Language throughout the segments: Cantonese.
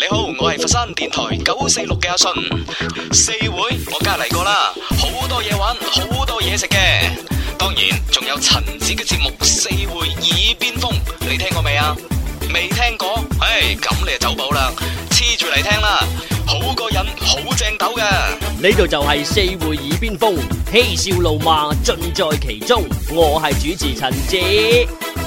你好，我係佛山電台九四六嘅阿信。四會我梗係嚟過啦，好多嘢玩，好多嘢食嘅。當然仲有陳子嘅節目《四會耳邊風》，你聽過未啊？未聽過？唉，咁你就走寶啦，黐住嚟聽啦，好過癮，好正斗嘅。呢度就係《四會耳邊風》，嬉笑怒罵盡在其中。我係主持陳子。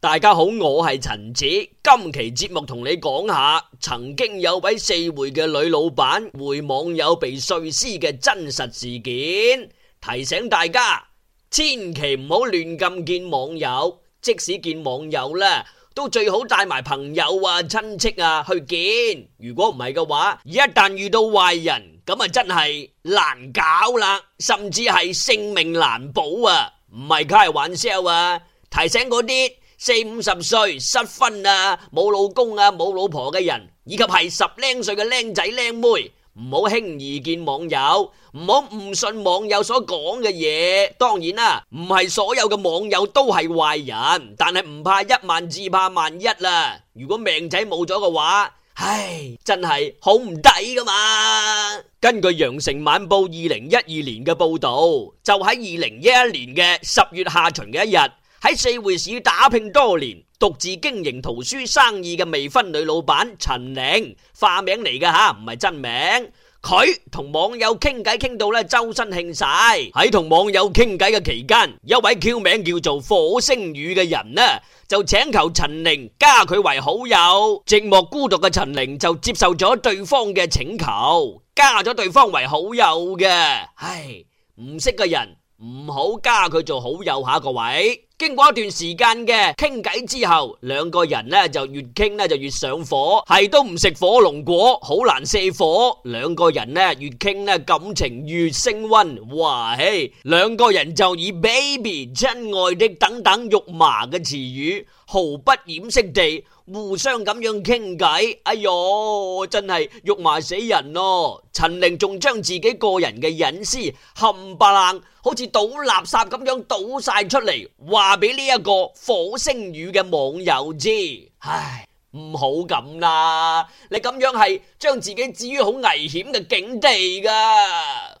大家好，我係陳子。今期節目同你講下，曾經有位四會嘅女老闆會網友被碎屍嘅真實事件，提醒大家千祈唔好亂咁見網友，即使見網友呢，都最好帶埋朋友啊、親戚啊去見。如果唔係嘅話，一旦遇到壞人咁啊，真係難搞啦，甚至係性命難保啊，唔係開玩笑啊。提醒嗰啲。四五十歲失婚啊，冇老公啊，冇老婆嘅人，以及係十零歲嘅僆仔僆妹，唔好輕易見網友，唔好唔信網友所講嘅嘢。當然啦、啊，唔係所有嘅網友都係壞人，但係唔怕一萬，至怕萬一啦。如果命仔冇咗嘅話，唉，真係好唔抵噶嘛。根據《羊城晚報》二零一二年嘅報道，就喺二零一一年嘅十月下旬嘅一日。喺四會市打拼多年，獨自經營圖書生意嘅未婚女老闆陳玲，化名嚟嘅吓，唔係真名。佢同網友傾偈傾到咧，周身慶晒。喺同網友傾偈嘅期間，一位 Q 名叫做火星雨嘅人呢，就請求陳玲加佢為好友。寂寞孤獨嘅陳玲就接受咗對方嘅請求，加咗對方為好友嘅。唉，唔識嘅人唔好加佢做好友吓，各位。經過一段時間嘅傾偈之後，兩個人呢就越傾呢就越上火，係都唔食火龍果，好難瀉火。兩個人呢越傾呢感情越升溫，哇嘿！兩個人就以 baby 親愛的等等肉麻嘅詞語。毫不掩飾地互相咁樣傾偈，哎喲，真係肉麻死人咯，哦！陳玲仲將自己個人嘅隱私冚唪唥，好似倒垃圾咁樣倒晒出嚟，話俾呢一個火星語嘅網友知。唉，唔好咁啦，你咁樣係將自己置於好危險嘅境地噶。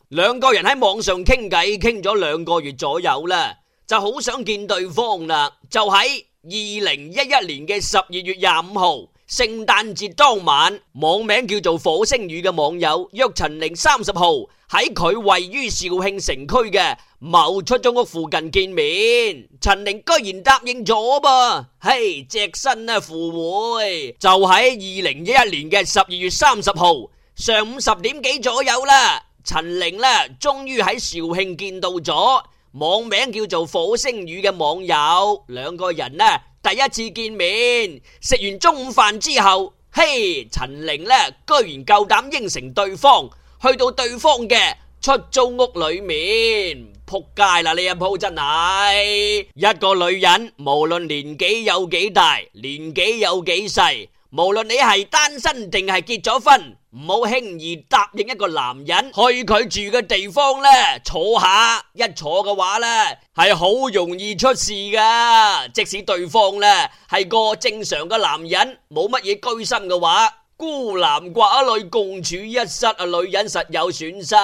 兩個人喺網上傾偈，傾咗兩個月左右啦，就好想見對方啦，就喺。二零一一年嘅十二月廿五號，聖誕節當晚，網名叫做火星雨嘅網友約陳玲三十號喺佢位於肇慶城區嘅某出租屋附近見面。陳玲居然答應咗噃，嘿，隻身啊赴會。就喺二零一一年嘅十二月三十號上午十點幾左右啦，陳玲呢終於喺肇慶見到咗網名叫做火星語嘅網友，兩個人呢第一次見面，食完中午飯之後，嘿，陳玲呢居然夠膽應承對方，去到對方嘅出租屋裏面，扑街啦！你一鋪真係一個女人，無論年紀有幾大，年紀有幾細，無論你係單身定係結咗婚。唔好輕易答應一個男人去佢住嘅地方呢，坐下一坐嘅話呢係好容易出事㗎。即使對方呢係個正常嘅男人，冇乜嘢居心嘅話，孤男寡女共處一室，女人實有損失。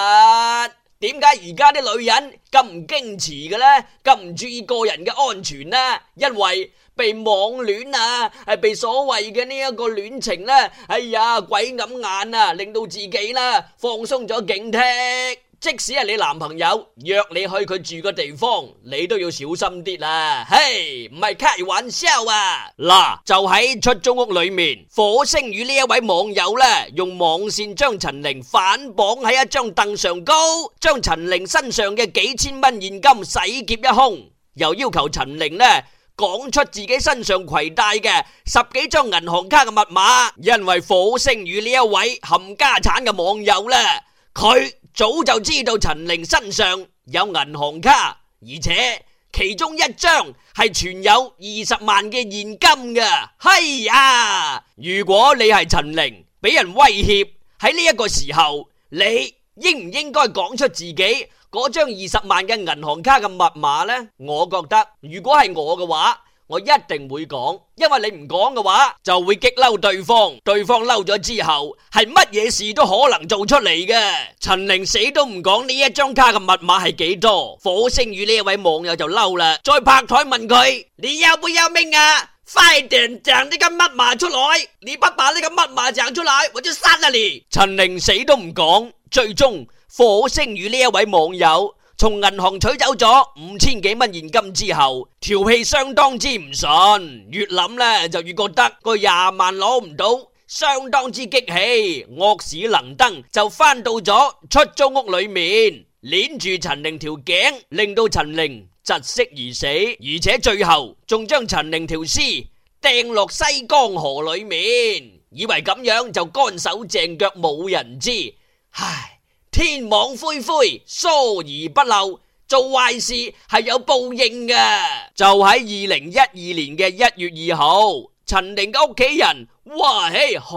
點解而家啲女人咁唔矜持嘅咧？咁唔注意個人嘅安全咧？因為被網戀啊，係被所謂嘅呢一個戀情咧，哎呀鬼咁眼啊，令到自己呢放鬆咗警惕。即使係你男朋友約你去佢住個地方，你都要小心啲啦。嘿，唔係開玩笑啊！嗱、啊，就喺出租屋裏面，火星雨呢一位網友呢，用網線將陳玲反綁喺一張凳上高，將陳玲身上嘅幾千蚊現金洗劫一空，又要求陳玲呢講出自己身上攜帶嘅十幾張銀行卡嘅密碼。因為火星雨呢一位冚家產嘅網友呢，佢早就知道陳玲身上有銀行卡，而且其中一張係存有二十萬嘅現金嘅。係啊，如果你係陳玲俾人威脅喺呢一個時候，你應唔應該講出自己嗰張二十萬嘅銀行卡嘅密碼呢？我覺得如果係我嘅話。我一定會講，因為你唔講嘅話就會激嬲對方，對方嬲咗之後係乜嘢事都可能做出嚟嘅。陳玲死都唔講呢一張卡嘅密碼係幾多？火星雨呢一位網友就嬲啦，再拍台問佢：你有冇有命啊？快啲掟呢個密碼出來！你不把呢個密碼掟出來，我就殺咗你。陳玲死都唔講，最終火星雨呢一位網友。從銀行取走咗五千幾蚊現金之後，條氣相當之唔順，越諗呢就越覺得個廿萬攞唔到，相當之激氣。惡死能登就翻到咗出租屋裏面，鏈住陳玲條頸，令到陳玲窒息而死，而且最後仲將陳玲條屍掟落西江河裏面，以為咁樣就乾手淨腳冇人知，唉。天網恢恢，疏而不漏，做壞事係有報應嘅。就喺二零一二年嘅一月二號，陳玲嘅屋企人，哇嘿，好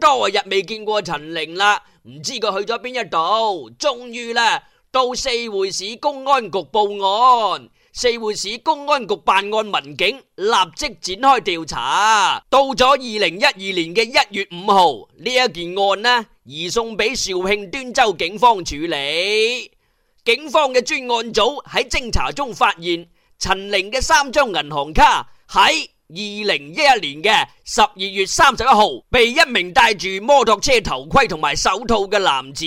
多日未見過陳玲啦，唔知佢去咗邊一度，終於啦，到四會市公安局報案。四會市公安局辦案民警立即展開調查，到咗二零一二年嘅一月五號，呢一件案呢移送俾肇慶端州警方處理。警方嘅專案組喺偵查中發現，陳玲嘅三張銀行卡喺二零一一年嘅十二月三十一號被一名戴住摩托車頭盔同埋手套嘅男子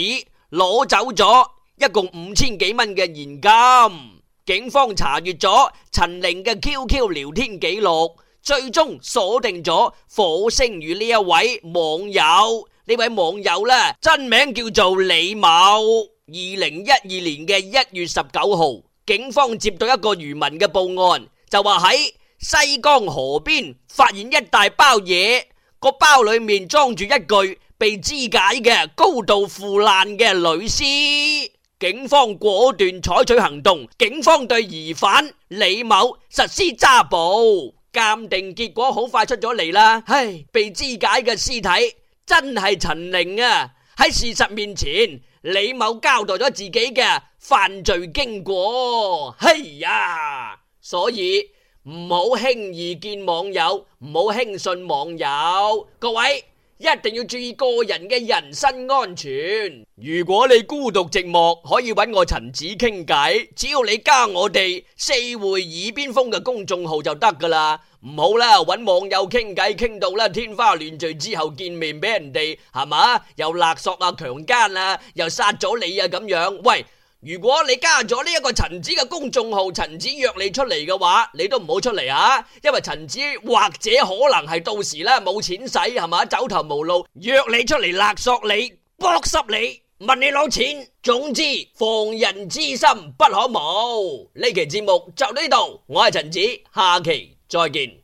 攞走咗，一共五千幾蚊嘅現金。警方查閱咗陳玲嘅 QQ 聊天記錄，最終鎖定咗火星雨呢一位網友。呢位網友呢，真名叫做李某。二零一二年嘅一月十九號，警方接到一個漁民嘅報案，就話喺西江河邊發現一大包嘢，個包裏面裝住一具被肢解嘅、高度腐爛嘅女屍。警方果斷採取行動，警方對疑犯李某實施抓捕。鑑定結果好快出咗嚟啦，唉，被肢解嘅屍體真係陳玲啊！喺事實面前，李某交代咗自己嘅犯罪經過。嘿呀，所以唔好輕易見網友，唔好輕信網友。各位，一定要注意個人嘅人身安全。如果你孤獨寂寞，可以揾我陳子傾偈。只要你加我哋四會耳邊風嘅公眾號就得噶啦。唔好啦，揾網友傾偈傾到啦天花亂墜之後見面俾人哋係咪，又勒索啊、強奸啦，又殺咗你啊咁樣，喂。如果你加咗呢一個陳子嘅公眾號，陳子約你出嚟嘅話，你都唔好出嚟啊！因為陳子或者可能係到時咧冇錢使，係嘛，走投無路，約你出嚟勒索你、剝削你、問你攞錢。總之，防人之心不可無。呢期節目就呢度，我係陳子，下期再見。